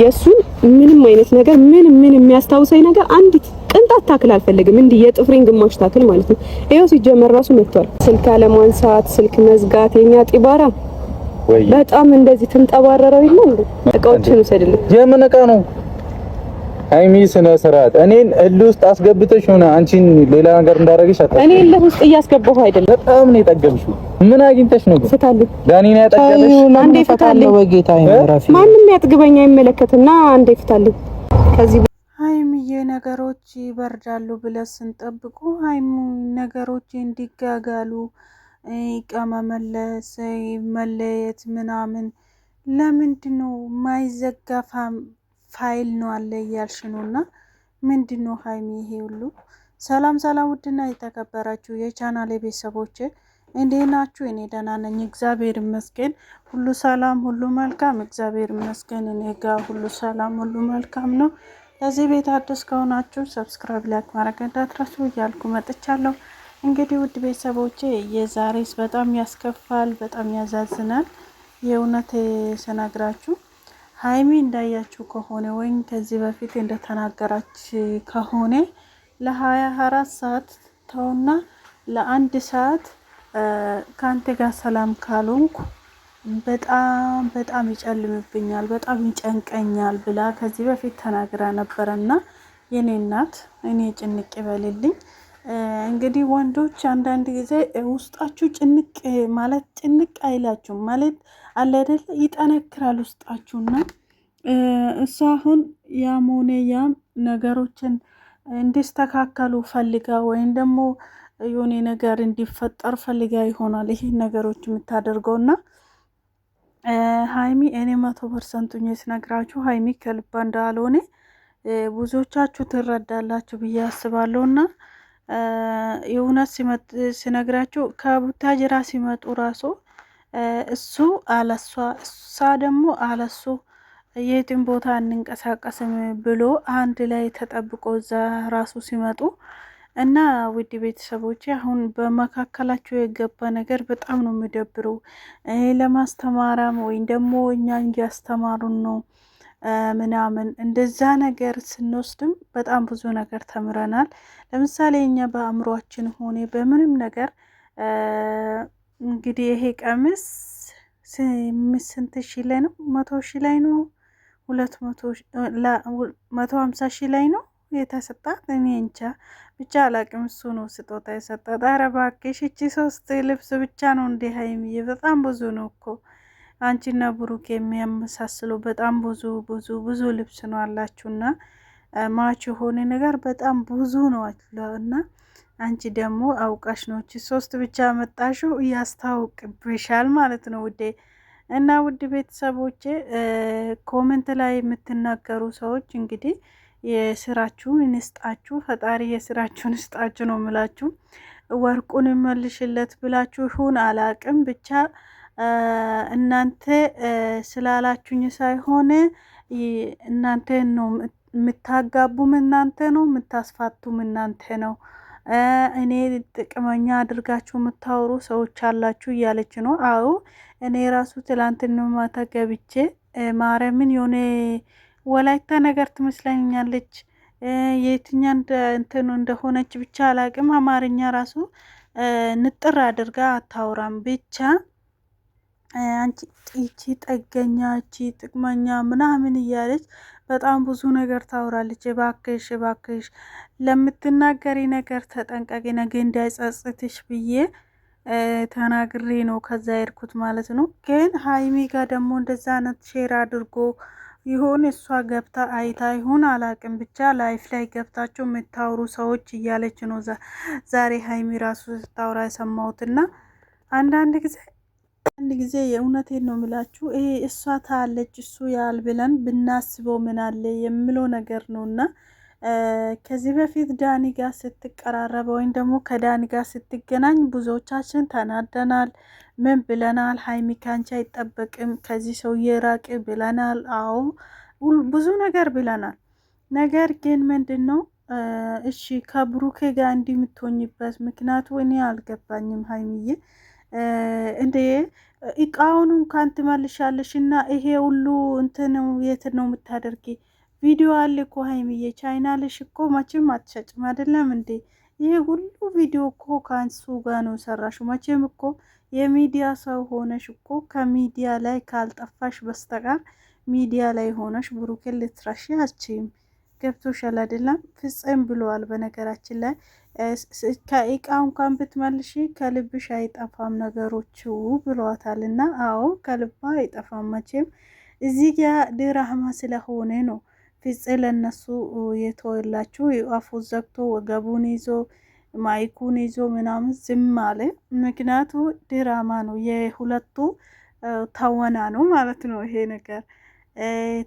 የእሱን ምንም አይነት ነገር ምን ምን የሚያስታውሰኝ ነገር አንዲት ቅንጣት ታክል አልፈልግም። እንዲህ የጥፍሬን ግማሽ ታክል ማለት ነው። ይኸው ሲጀመር ራሱ መጥቷል። ስልክ አለማንሳት፣ ስልክ መዝጋት፣ የኛ ጢባራ በጣም እንደዚህ ትንጠባረረው ይሆን። እቃዎችን ውሰድልን። የምን እቃ ነው? ሀይሚ ስነ ስርዓት እኔን እልህ ውስጥ አስገብተሽ ሆነ አንቺን ሌላ ነገር እንዳደረግሽ አታ እኔ እልህ ውስጥ እያስገባሁ አይደለም። በጣም ነው የጠገብሽ። ምን አግኝተሽ ነው? ፍታልኝ። ዳኒ ነው ያጠገብሽ። አንዴ ፍታልኝ። ወጌታ ይመራፊ ማንም ያጥግበኛ አይመለከትና አንዴ ፍታልኝ። ከዚህ ሀይሚዬ ነገሮች ይበርዳሉ ብለን ስንጠብቁ ሀይሚ ነገሮች እንዲጋጋሉ ቀመመለስ መለየት ምናምን ለምንድን ነው ማይዘጋ ፋይል ነው አለ እያልሽ ነው እና ምንድን ነው ሀይሚ ይሄ ሁሉ? ሰላም ሰላም፣ ውድና የተከበራችሁ የቻናሌ ቤተሰቦች እንዴ ናችሁ? እኔ ደህና ነኝ፣ እግዚአብሔር ይመስገን። ሁሉ ሰላም፣ ሁሉ መልካም፣ እግዚአብሔር ይመስገን። እኔ ጋ ሁሉ ሰላም፣ ሁሉ መልካም ነው። ለዚህ ቤት አዲስ ከሆናችሁ ሰብስክራይብ፣ ላይክ ማድረግ እንዳትረሱ እያልኩ መጥቻለሁ። እንግዲህ ውድ ቤተሰቦቼ የዛሬስ በጣም ያስከፋል፣ በጣም ያዛዝናል። የእውነት ስነግራችሁ ሀይሚ እንዳያችሁ ከሆነ ወይም ከዚህ በፊት እንደተናገራች ከሆነ ለሀያ አራት ሰዓት ተውና ለአንድ ሰዓት ከአንተ ጋር ሰላም ካልሆንኩ በጣም በጣም ይጨልምብኛል፣ በጣም ይጨንቀኛል ብላ ከዚህ በፊት ተናግራ ነበረና የኔ እናት እኔ ጭንቅ ይበልልኝ። እንግዲህ ወንዶች አንዳንድ ጊዜ ውስጣችሁ ጭንቅ ማለት ጭንቅ አይላችሁም ማለት አለ አይደለ? ይጠነክራል ውስጣችሁና እሷ አሁን ያም ሆነ ያም ነገሮችን እንዲስተካከሉ ፈልጋ ወይም ደግሞ የሆነ ነገር እንዲፈጠር ፈልጋ ይሆናል ይህን ነገሮች የምታደርገውና ሀይሚ እኔ መቶ ፐርሰንቱ ስነግራችሁ ሀይሚ ከልባ እንዳልሆነ ብዙዎቻችሁ ትረዳላችሁ ብዬ አስባለሁና የእውነት ሲነግራቸው ከቡታጅራ ሲመጡ ራሱ እሱ አለሷ እሷ ደግሞ አለሱ የትም ቦታ እንንቀሳቀስም ብሎ አንድ ላይ ተጠብቆ እዛ ራሱ ሲመጡ እና ውድ ቤተሰቦች አሁን በመካከላቸው የገባ ነገር በጣም ነው የሚደብረው። ለማስተማራም ወይም ደግሞ እኛ እንዲያስተማሩን ነው ምናምን እንደዛ ነገር ስንወስድም በጣም ብዙ ነገር ተምረናል። ለምሳሌ እኛ በአእምሯችን ሆኔ በምንም ነገር እንግዲህ ይሄ ቀሚስ ስንት ሺ ላይ ነው? መቶ ሺ ላይ ነው? ሁለት መቶ ሀምሳ ሺ ላይ ነው የተሰጣት እኔ እንቻ ብቻ አላቅም። እሱ ነው ስጦታ የሰጣት። ኧረ እባክሽ እቺ ሶስት ልብስ ብቻ ነው እንዲህ ሀይሚዬ፣ በጣም ብዙ ነው እኮ አንቺና ብሩክ የሚያመሳስሉ በጣም ብዙ ብዙ ብዙ ልብስ ነው አላችሁና ማች የሆነ ነገር በጣም ብዙ ነው እና አንቺ ደግሞ አውቃሽ ነው ሶስት ብቻ መጣሽው እያስታውቅብሻል ማለት ነው ውዴ። እና ውድ ቤተሰቦቼ ኮመንት ላይ የምትናገሩ ሰዎች እንግዲህ የስራችሁን እንስጣችሁ፣ ፈጣሪ የስራችሁን እስጣችሁ ነው ምላችሁ ወርቁን ይመልሽለት ብላችሁ ይሁን አላቅም ብቻ እናንተ ስላላችሁኝ ሳይሆን እናንተ ነው የምታጋቡም፣ እናንተ ነው የምታስፋቱም፣ እናንተ ነው እኔ ጥቅመኛ አድርጋችሁ የምታወሩ ሰዎች አላችሁ እያለች ነው። አዎ እኔ ራሱ ትላንትና ማታ ገብቼ ማርያምን የሆነ ወላይታ ነገር ትመስለኛለች። የትኛ እንትኑ እንደሆነች ብቻ አላቅም። አማርኛ ራሱ ንጥር አድርጋ አታውራም ብቻ አንቺ ይቺ ጠገኛ፣ ይቺ ጥቅመኛ ምናምን እያለች በጣም ብዙ ነገር ታውራለች። እባክሽ እባክሽ ለምትናገሪ ነገር ተጠንቀቂ፣ ነገ እንዳይጸጽትሽ ብዬ ተናግሬ ነው ከዛ የርኩት ማለት ነው። ግን ሀይሚ ጋ ደግሞ እንደዛ አይነት ሼር አድርጎ ይሁን እሷ ገብታ አይታ ይሁን አላቅም፣ ብቻ ላይፍ ላይ ገብታችሁ የምታውሩ ሰዎች እያለች ነው ዛሬ ሀይሚ ራሱ ስታውራ የሰማሁትና አንዳንድ ጊዜ አንድ ጊዜ የእውነቴን ነው የምላችሁ፣ ይሄ እሷ ታለች እሱ ያል ብለን ብናስበው ምናለ የምለው ነገር ነው እና ከዚህ በፊት ዳኒ ጋር ስትቀራረበ ወይም ደግሞ ከዳኒ ጋር ስትገናኝ ብዙዎቻችን ተናደናል። ምን ብለናል? ሀይሚ ካንቺ አይጠበቅም ከዚህ ሰውዬ ራቂ ብለናል። አዎ ብዙ ነገር ብለናል። ነገር ግን ምንድን ነው እሺ ከብሩኬ ጋር እንዲህ የምትሆኝበት ምክንያቱ እኔ አልገባኝም ሀይሚዬ እንዴ እቃውን እንኳን ትመልሻለሽ እና ይሄ ሁሉ እንትን የት ነው የምታደርጊ? ቪዲዮ አለ እኮ ሀይሚዬ፣ ልሽ እኮ መቼም አትሸጭም አይደለም እንዴ? ይሄ ሁሉ ቪዲዮ እኮ ከአንሱ ጋር ነው ሰራሽ። መቼም እኮ የሚዲያ ሰው ሆነሽ እኮ ከሚዲያ ላይ ካልጠፋሽ በስተቀር ሚዲያ ላይ ሆነሽ ብሩክን ልትረሺ አችም ገብቶሻል አይደለም? ፍጽም ብለዋል። በነገራችን ላይ ከእቃ እንኳን ብትመልሺ ከልብሽ አይጠፋም ነገሮች ብለዋታል። እና አዎ ከልባ አይጠፋም መቼም። እዚህ ጋ ድራማ ስለሆነ ነው ፍጽ ለነሱ የተወላችሁ አፉ ዘግቶ ወገቡን ይዞ ማይኩን ይዞ ምናምን ዝም አለ። ምክንያቱ ድራማ ነው፣ የሁለቱ ተወና ነው ማለት ነው ይሄ ነገር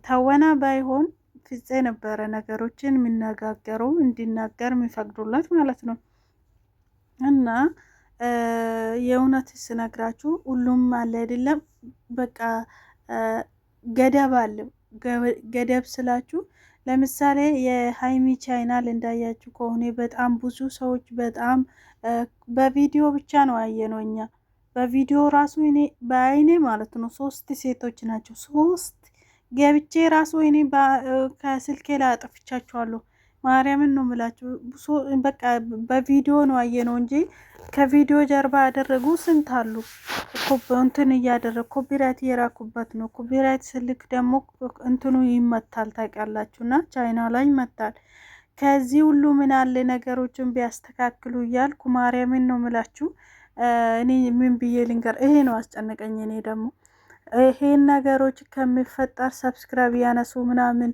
ተወና ባይሆን ፍፄ ነበረ ነገሮችን የሚነጋገሩ እንዲናገር የሚፈቅዱለት ማለት ነው። እና የእውነት ስነግራችሁ ሁሉም አለ አይደለም፣ በቃ ገደብ አለው። ገደብ ስላችሁ ለምሳሌ የሀይሚ ቻይናል እንዳያችሁ ከሆነ በጣም ብዙ ሰዎች በጣም በቪዲዮ ብቻ ነው አየነው እኛ በቪዲዮ ራሱ እኔ በአይኔ ማለት ነው ሶስት ሴቶች ናቸው ሶስት ገብቼ ራሱ ወይኔ ከስልኬ ላይ አጥፍቻችኋለሁ። ማርያምን ነው የምላችሁ። በቃ በቪዲዮ ነው አየ ነው እንጂ ከቪዲዮ ጀርባ ያደረጉ ስንት አሉ። እንትን እያደረግ ኮፒራይት እየራኩበት ነው። ኮፒራይት ስልክ ደግሞ እንትኑ ይመታል ታውቃላችሁ። እና ቻይና ላይ ይመታል። ከዚህ ሁሉ ምን አለ ነገሮችን ቢያስተካክሉ እያልኩ ማርያምን ነው ምላችሁ። እኔ ምን ብዬ ልንገር? ይሄ ነው አስጨነቀኝ። እኔ ደግሞ ይሄን ነገሮች ከሚፈጠር ሰብስክራይብ ያነሱ ምናምን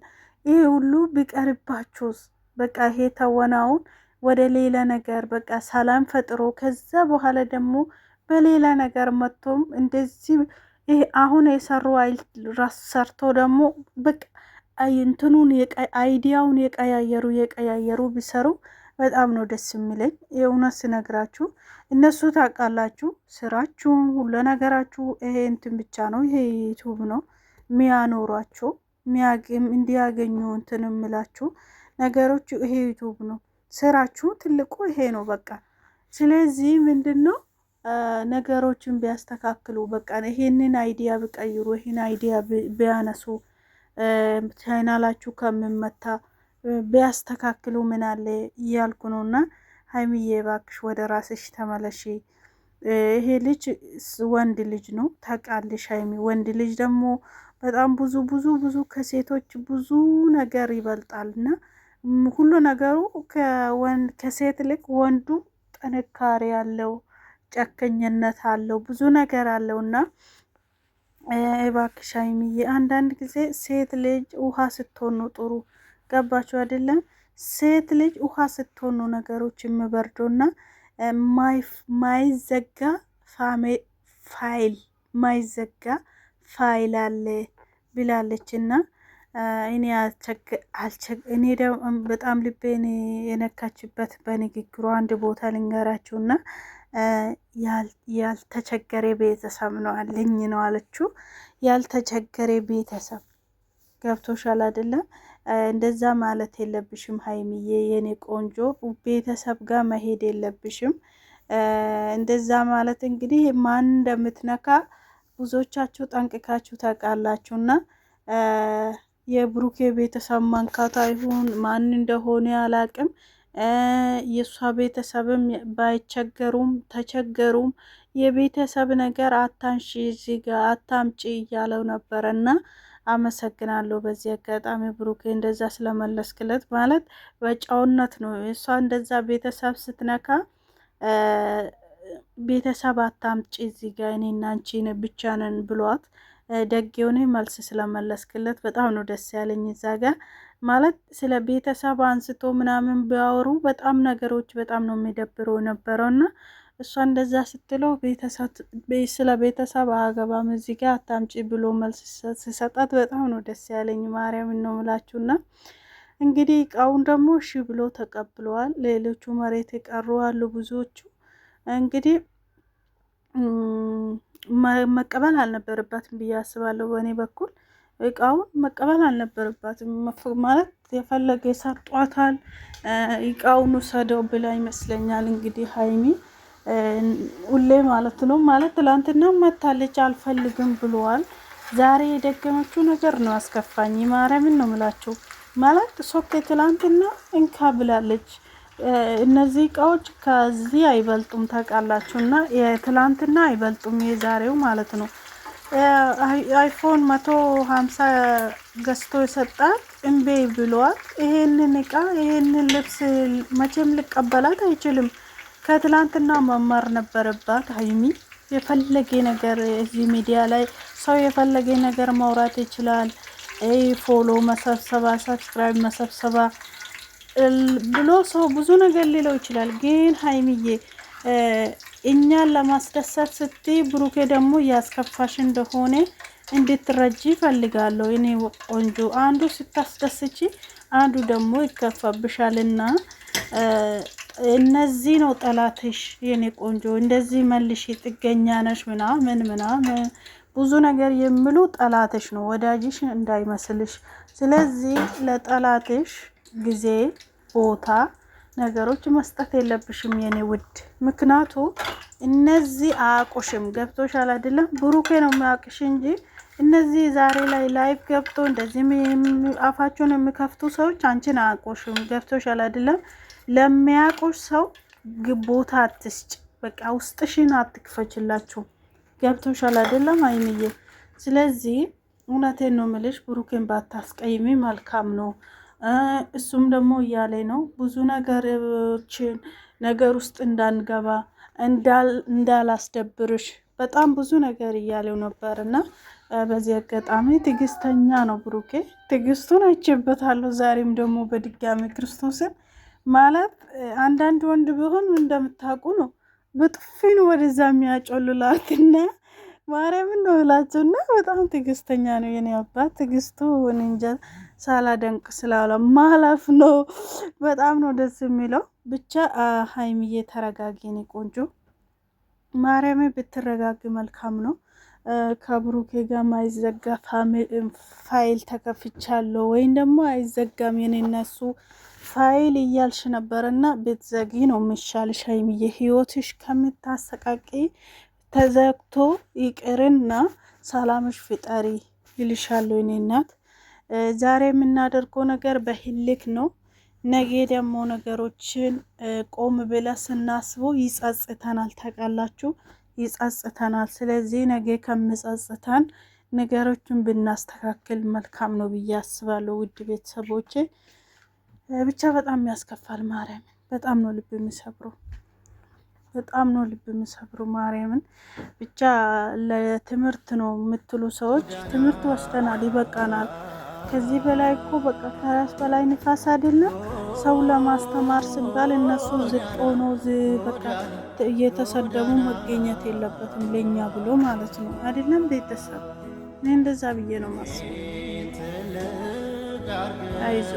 ይህ ሁሉ ቢቀርባችሁስ? በቃ ይሄ ተወናውን ወደ ሌላ ነገር በቃ ሰላም ፈጥሮ ከዛ በኋላ ደግሞ በሌላ ነገር መጥቶም እንደዚህ ይሄ አሁን የሰሩ ራስ ሰርቶ ደግሞ በቃ እንትኑን አይዲያውን የቀያየሩ የቀያየሩ ቢሰሩ በጣም ነው ደስ የሚለኝ። የእውነት ስነግራችሁ እነሱ ታውቃላችሁ፣ ስራችሁ ሁሉ ነገራችሁ ይሄ እንትን ብቻ ነው፣ ይሄ ዩቱብ ነው ሚያኖሯቸው እንዲያገኙ እንትን የምላችሁ ነገሮች ይሄ ዩቱብ ነው። ስራችሁ ትልቁ ይሄ ነው በቃ። ስለዚህ ምንድን ነው ነገሮችን ቢያስተካክሉ በቃ ይሄንን አይዲያ ቢቀይሩ ይሄን አይዲያ ቢያነሱ ቻናላችሁ ከምመታ ቢያስተካክሉ አለ እያልኩ ነው። እና ሀይሚዬ ባክሽ ወደ ራስሽ ተመለሺ። ይሄ ልጅ ወንድ ልጅ ነው ታውቃለሽ ሀይሚ። ወንድ ልጅ ደግሞ በጣም ብዙ ብዙ ብዙ ከሴቶች ብዙ ነገር ይበልጣል እና ሁሉ ነገሩ ከሴት ልክ ወንዱ ጥንካሬ አለው፣ ጨከኝነት አለው፣ ብዙ ነገር አለው እና እባክሽ ሀይሚዬ አንዳንድ ጊዜ ሴት ልጅ ውሃ ስትሆን ነው ጥሩ ገባችሁ አይደለም? ሴት ልጅ ውሃ ስትሆኑ ነገሮች የምበርዶና ማይዘጋ ፋይል ማይዘጋ ፋይል አለ ብላለች እና እኔ በጣም ልቤ የነካችበት በንግግሩ አንድ ቦታ ልንገራችሁና ያልተቸገረ ቤተሰብ ነው አለኝ ነው አለችው። ያልተቸገረ ቤተሰብ ገብቶሻል አይደለም? እንደዛ ማለት የለብሽም ሀይሚዬ የኔ ቆንጆ ቤተሰብ ጋር መሄድ የለብሽም። እንደዛ ማለት እንግዲህ ማን እንደምትነካ ብዙዎቻችሁ ታውቃላችሁ። ታውቃላችሁና የብሩኬ ቤተሰብ መንካቷ ይሁን ማን እንደሆነ አላቅም። የእሷ ቤተሰብም ባይቸገሩም ተቸገሩም የቤተሰብ ነገር አታንሺ እዚህ ጋ አታምጪ እያለው ነበረና አመሰግናለሁ። በዚህ አጋጣሚ ብሩኬ እንደዛ ስለመለስክለት ማለት በጨውነት ነው። እሷ እንደዛ ቤተሰብ ስትነካ ቤተሰብ አታምጪ እዚህ ጋ እኔና አንቺ ብቻ ነን ብሏት ደግ የሆነ መልስ ስለመለስክለት በጣም ነው ደስ ያለኝ። እዛ ጋ ማለት ስለ ቤተሰብ አንስቶ ምናምን ቢያወሩ በጣም ነገሮች በጣም ነው የሚደብረው ነበረውና እሷ እንደዛ ስትለው ስለ ቤተሰብ አገባም እዚህ ጋር አታምጪ ብሎ መልስ ሲሰጣት በጣም ነው ደስ ያለኝ። ማርያም ነው ምላችሁና እንግዲህ እቃውን ደግሞ እሺ ብሎ ተቀብለዋል። ሌሎቹ መሬት የቀሩ አሉ። ብዙዎቹ እንግዲህ መቀበል አልነበረባትም ብዬ አስባለሁ። በእኔ በኩል እቃውን መቀበል አልነበረባትም ማለት የፈለገ ይሰጧታል። እቃውን ውሰደው ብላ ይመስለኛል እንግዲህ ሀይሚ ሁሌ ማለት ነው ማለት ትላንትና መታለች አልፈልግም ብለዋል። ዛሬ የደገመችው ነገር ነው አስከፋኝ። ማርያምን ነው ምላቸው ማለት ሶኬ ትላንትና እንካ ብላለች። እነዚህ እቃዎች ከዚህ አይበልጡም ታውቃላችሁ። እና የትላንትና አይበልጡም የዛሬው ማለት ነው። አይፎን መቶ ሀምሳ ገዝቶ የሰጣት እምቤ ብለዋል። ይሄንን እቃ ይሄንን ልብስ መቼም ልቀበላት አይችልም ከትላንትና መማር ነበረባት ሀይሚ። የፈለገ ነገር እዚህ ሚዲያ ላይ ሰው የፈለገ ነገር ማውራት ይችላል። ይ ፎሎ መሰብሰባ፣ ሰብስክራይብ መሰብሰባ ብሎ ሰው ብዙ ነገር ሊለው ይችላል። ግን ሀይሚዬ እኛን ለማስደሰት ስቲ ብሩኬ ደግሞ እያስከፋሽ እንደሆነ እንድትረጂ ይፈልጋለሁ። እኔ ቆንጆ አንዱ ስታስደስቺ፣ አንዱ ደግሞ ይከፋብሻልና እነዚህ ነው ጠላትሽ፣ የኔ ቆንጆ እንደዚህ መልሽ፣ ጥገኛ ነሽ ምናምን ምናምን ብዙ ነገር የሚሉ ጠላትሽ ነው፣ ወዳጅሽ እንዳይመስልሽ። ስለዚህ ለጠላትሽ ጊዜ ቦታ ነገሮች መስጠት የለብሽም የኔ ውድ። ምክንያቱ እነዚህ አያውቁሽም። ገብቶሻል አይደለም? ብሩኬ ነው የሚያውቅሽ እንጂ እነዚህ ዛሬ ላይ ላይፍ ገብቶ እንደዚህ አፋቸውን የሚከፍቱ ሰዎች አንቺን አያውቁሽም። ገብቶሻል አይደለም? ለሚያውቁሽ ሰው ቦታ አትስጭ። በቃ ውስጥሽን አትክፈችላችሁ። ገብቶሻል አይደለም አይንዬ? ስለዚህ እውነቴን ነው ምልሽ፣ ብሩኬን ባታስቀይሚ መልካም ነው። እሱም ደግሞ እያለ ነው ብዙ ነገሮችን ነገር ውስጥ እንዳንገባ እንዳላስደብርሽ በጣም ብዙ ነገር እያለው ነበር እና በዚህ አጋጣሚ ትዕግስተኛ ነው ብሩኬ፣ ትዕግስቱን አይቼበታለሁ። ዛሬም ደግሞ በድጋሚ ክርስቶስን ማለት አንዳንድ ወንድ ቢሆን እንደምታውቁ ነው በጥፊን ወደዛ የሚያጮልላትና ማርያምን ነው እና በጣም ትግስተኛ ነው የኔ አባት። ትዕግስቱ እንጃ ሳላደንቅ ስላለ ማለፍ ነው። በጣም ነው ደስ የሚለው። ብቻ ሀይሚዬ ተረጋጊ፣ የኔ ቆንጆ ማርያም ብትረጋጊ መልካም ነው። ከብሩኬ ጋር አይዘጋ ፋይል ተከፍቻለሁ ወይም ደግሞ አይዘጋም የኔ እነሱ ፋይል እያልሽ ነበር እና ብትዘጊ ነው የሚሻልሽ ሀይሚዬ። ህይወትሽ ከምታሰቃቂ ተዘግቶ ይቅርና ሰላምሽ ፍጠሪ ይልሻሉ። እኔ እናት ዛሬ የምናደርገው ነገር በህልክ ነው። ነገ ደግሞ ነገሮችን ቆም ብለ ስናስቦ ይጸጽተናል። ታውቃላችሁ፣ ይጸጽተናል። ስለዚህ ነገ ከምጸጽተን ነገሮችን ብናስተካክል መልካም ነው ብዬ አስባለሁ። ውድ ቤተሰቦቼ ብቻ በጣም ያስከፋል። ማርያም በጣም ነው ልብ የሚሰብረው፣ በጣም ነው ልብ የሚሰብሩ ማርያምን ብቻ ለትምህርት ነው የምትሉ ሰዎች ትምህርት ወስደናል፣ ይበቃናል። ከዚህ በላይ እኮ በቃ ከራስ በላይ ንፋስ አይደለም። ሰው ለማስተማር ሲባል እነሱ ዝቅ ሆኖ በቃ እየተሰደቡ መገኘት የለበትም ለእኛ ብሎ ማለት ነው አይደለም። ቤተሰብ እኔ እንደዛ ብዬ ነው ማስበው። አይዞ